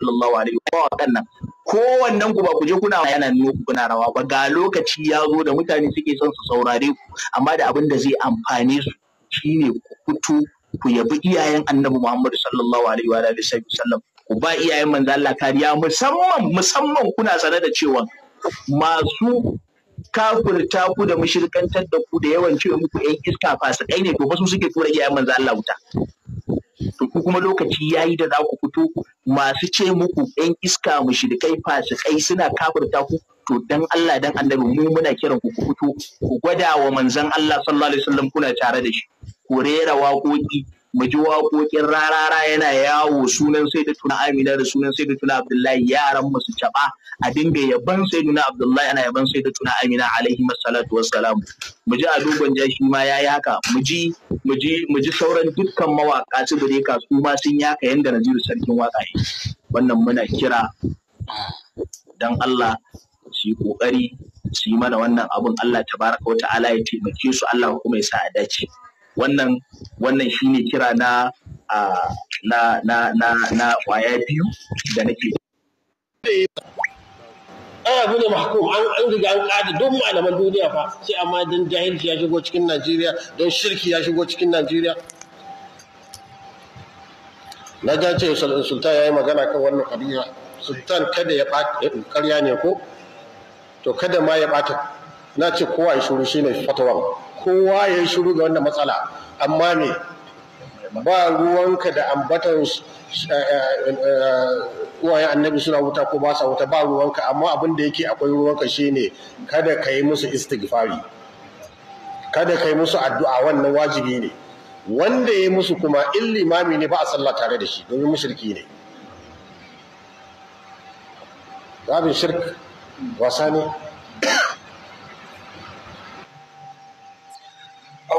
sallallahu alaihi wa sallam kowannen ku ba ku je kuna yana nuna ku kuna rawa ba ga lokaci ya zo da mutane suke son su saurare ku amma da abin da zai amfane su shine ku fito ku yabi iyayen annabi Muhammad sallallahu alaihi wa sallam ku ba iyayen manzo Allah kariya musamman musamman kuna sane da cewa masu kafirta ku da mushirkantar da ku da yawan cewa muku ƴan iska fasikai ne to su suke tura iyayen manzo Allah wuta to ku kuma lokaci yayi da za ku fito masu ce muku ɗan iska mu mushrikai fasikai suna kafirta ku to dan Allah dan annabi mu muna kiran ku ku fito ku gwada wa manzon Allah sallallahu alaihi wasallam kuna tare da shi ku rera waƙoƙi mu ji waƙoƙin rarara yana yawo sunan sai da tuna amina da sunan sai da tuna abdullahi yaran mu su caɓa a dinga yaban sai da abdullahi ana yaban sai da tuna amina alaihi masalatu wassalam mu ji ado gwanja shi ma yayi haka mu ji sauran dukkan mawaƙa su da ka su ma sun yaka yanda naziru sarkin waƙa yi wannan muna kira dan Allah su yi ƙoƙari su yi mana wannan abun Allah tabaraka wa ta'ala ya taimake su Allah kuma ya sa a dace. wannan wannan shine kira na na na na na kwaya biyu da nake ana bude mahkum an an riga an kada duk malaman duniya fa sai amma dan jahilci ya shigo cikin Najeriya don shirki ya shigo cikin Najeriya na ga ce sultan ya yi magana kan wannan kabila sultan kada ya ɓata karya ne ko to kada ma ya ɓata na ce kowa ya shuru shine fatawa. kowa ya shiru ga wannan matsala amma ne ba ruwanka da ambatan eh, eh, eh, uwayen annabi suna wuta ko ba sa wuta ba ruwanka amma abin da yake akwai ruwanka shine kada ka yi musu istighfari kada ka yi musu addu'a wannan wajibi ne wanda ya yi musu kuma in limami ne ba a sallah tare da shi domin mushriki ne babin shirk wasa ne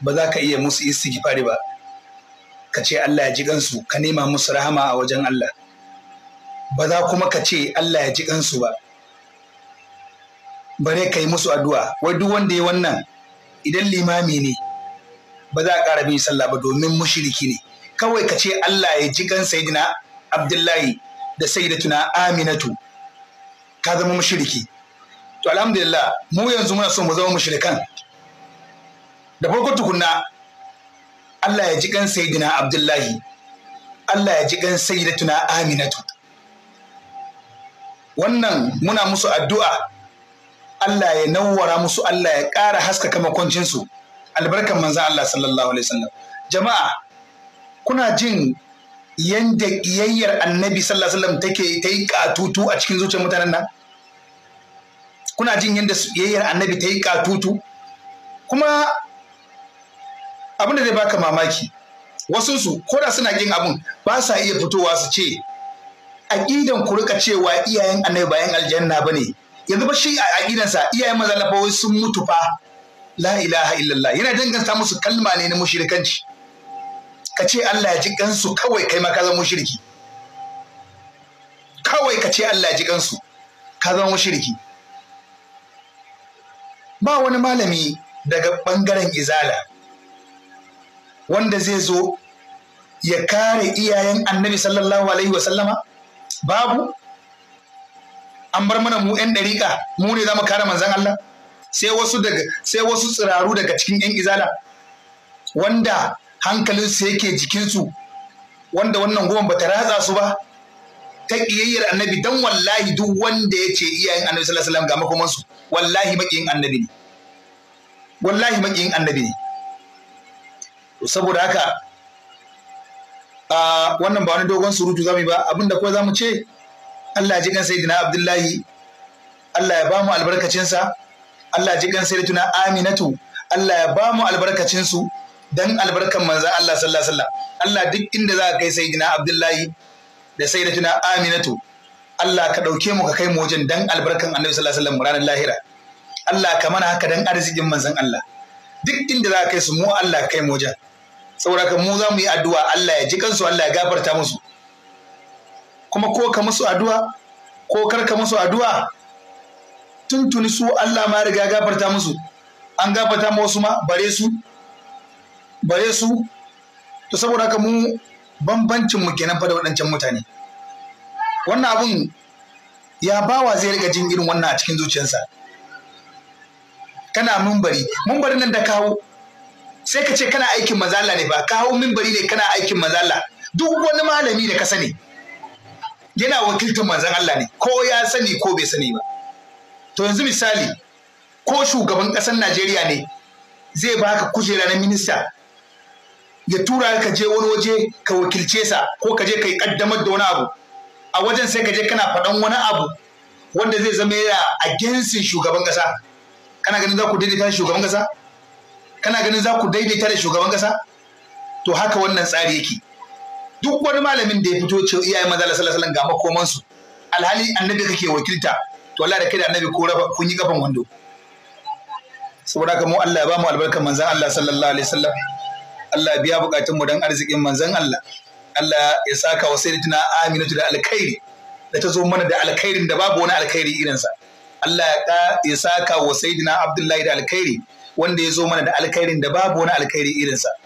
ba za ka iya musu istighfari ba ka ce Allah ya ji kansu ka nema musu rahama a wajen Allah ba za kuma ka ce Allah ya ji kansu ba bare ka yi musu addu'a wai duk wanda ya wannan idan limami ne ba za a ƙara bin sallah ba domin mushriki ne kawai ka ce Allah ya ji gan sayyidina Abdullahi da sayyidatuna Aminatu ka zama mushriki to alhamdulillah mu yanzu muna so mu zama mushrikan da farko tukunna Allah ya ji kan sayyidina Abdullahi Allah ya ji kan sayyidatuna Aminatu wannan muna musu addu'a Allah ya nawwara musu Allah ya ƙara haskaka makwancinsu albarkan manzan Allah sallallahu alaihi wasallam jama'a kuna jin yanda ƙiyayyar annabi sallallahu alaihi wasallam take ta yi katutu a cikin zuciyar mutanen nan kuna jin yadda ƙiyayyar annabi ta yi katutu kuma abin da zai baka mamaki wasu su koda suna kin abun ba sa iya fitowa su ce aqidan ku rika cewa iyayen annabi bayan aljanna bane yanzu ba shi a sa iyayen bawai sun mutu fa la ilaha illallah yana danganta musu kalma ne na mushrikanci ka ce Allah ya ji gansu kawai kai ma ka zama mushriki kawai ka ce Allah ya ji gansu ka zama mushriki ba wani malami daga bangaren izala wanda zai zo ya kare iyayen annabi sallallahu alaihi wasallama babu an bar mana mu 'yan ɗariƙa mu ne za mu kare manzan Allah sai wasu daga sai wasu tsiraru daga cikin 'yan izala wanda hankalinsu yake jikinsu wanda wannan goma ba ta ratsa su ba ta ƙiyayyar annabi dan wallahi duk wanda ya ce iyayen annabi sallallahu alaihi wasallam ga makomansu wallahi maƙiyin annabi ne wallahi maƙiyin annabi ne saboda haka a wannan ba wani dogon surutu zamu yi ba abinda kawai zamu ce Allah ji kan sayyidina Abdullahi Allah ya ba mu albarkacinsa Allah ji kan tuna Aminatu Allah ya ba mu albarkacin su dan albarkan manzon Allah sallallahu alaihi wasallam Allah duk inda za ka kai sayyidina Abdullahi da tuna Aminatu Allah ka dauke mu ka kai mu wajen dan albarkan Annabi sallallahu alaihi wasallam ranar lahira Allah ka mana haka dan arzikin manzon Allah duk inda za ka kai su mu Allah ka kai mu wajen saboda ka mu za mu yi addu'a Allah ya ji kansu Allah ya gafarta musu kuma ko ka musu addu'a ko kar ka musu addu'a tuntuni su Allah ma riga gafarta musu an gafarta ma wasu ma bare su bare su to saboda haka mu bambancin mu kenan fa da waɗancan mutane wannan abun ya bawa zai riga jin irin wannan a cikin zuciyarsa kana mumbari mumbarin nan da kawo sai ka ce kana aikin mazala ne ba ka hau mimbari ne kana aikin mazala duk wani malami da ka sani yana wakiltar manzan Allah ne ko ya sani ko bai sani ba to yanzu misali ko shugaban ƙasar Najeriya ne zai baka kujera na minista ya tura ka je wani waje ka wakilce sa ko ka je ka yi kaddamar da wani abu a wajen sai ka je kana faɗan wani abu wanda zai zama ya agensin shugaban ƙasa kana ganin za ku daidaita shugaban ƙasa kana ganin za ku daidaita da shugaban kasa to haka wannan tsari yake duk wani malamin da ya fito cewa iyaye maza sallallahu alaihi ga makoman su alhali annabi kake wakilta to Allah da kai da annabi ko raba kun yi kafan wando saboda haka mu Allah ya ba mu albarkar manzan Allah sallallahu alaihi wasallam Allah ya biya bukatun mu dan arzikin manzan Allah Allah ya saka wa sayyidina Aminatu da alkhairi da ta zo mana da alkhairin da babu wani alkhairi irinsa Allah ya saka wa sayyidina Abdullahi da alkhairi wanda ya zo mana da alkhairin da babu wani alkhairi irinsa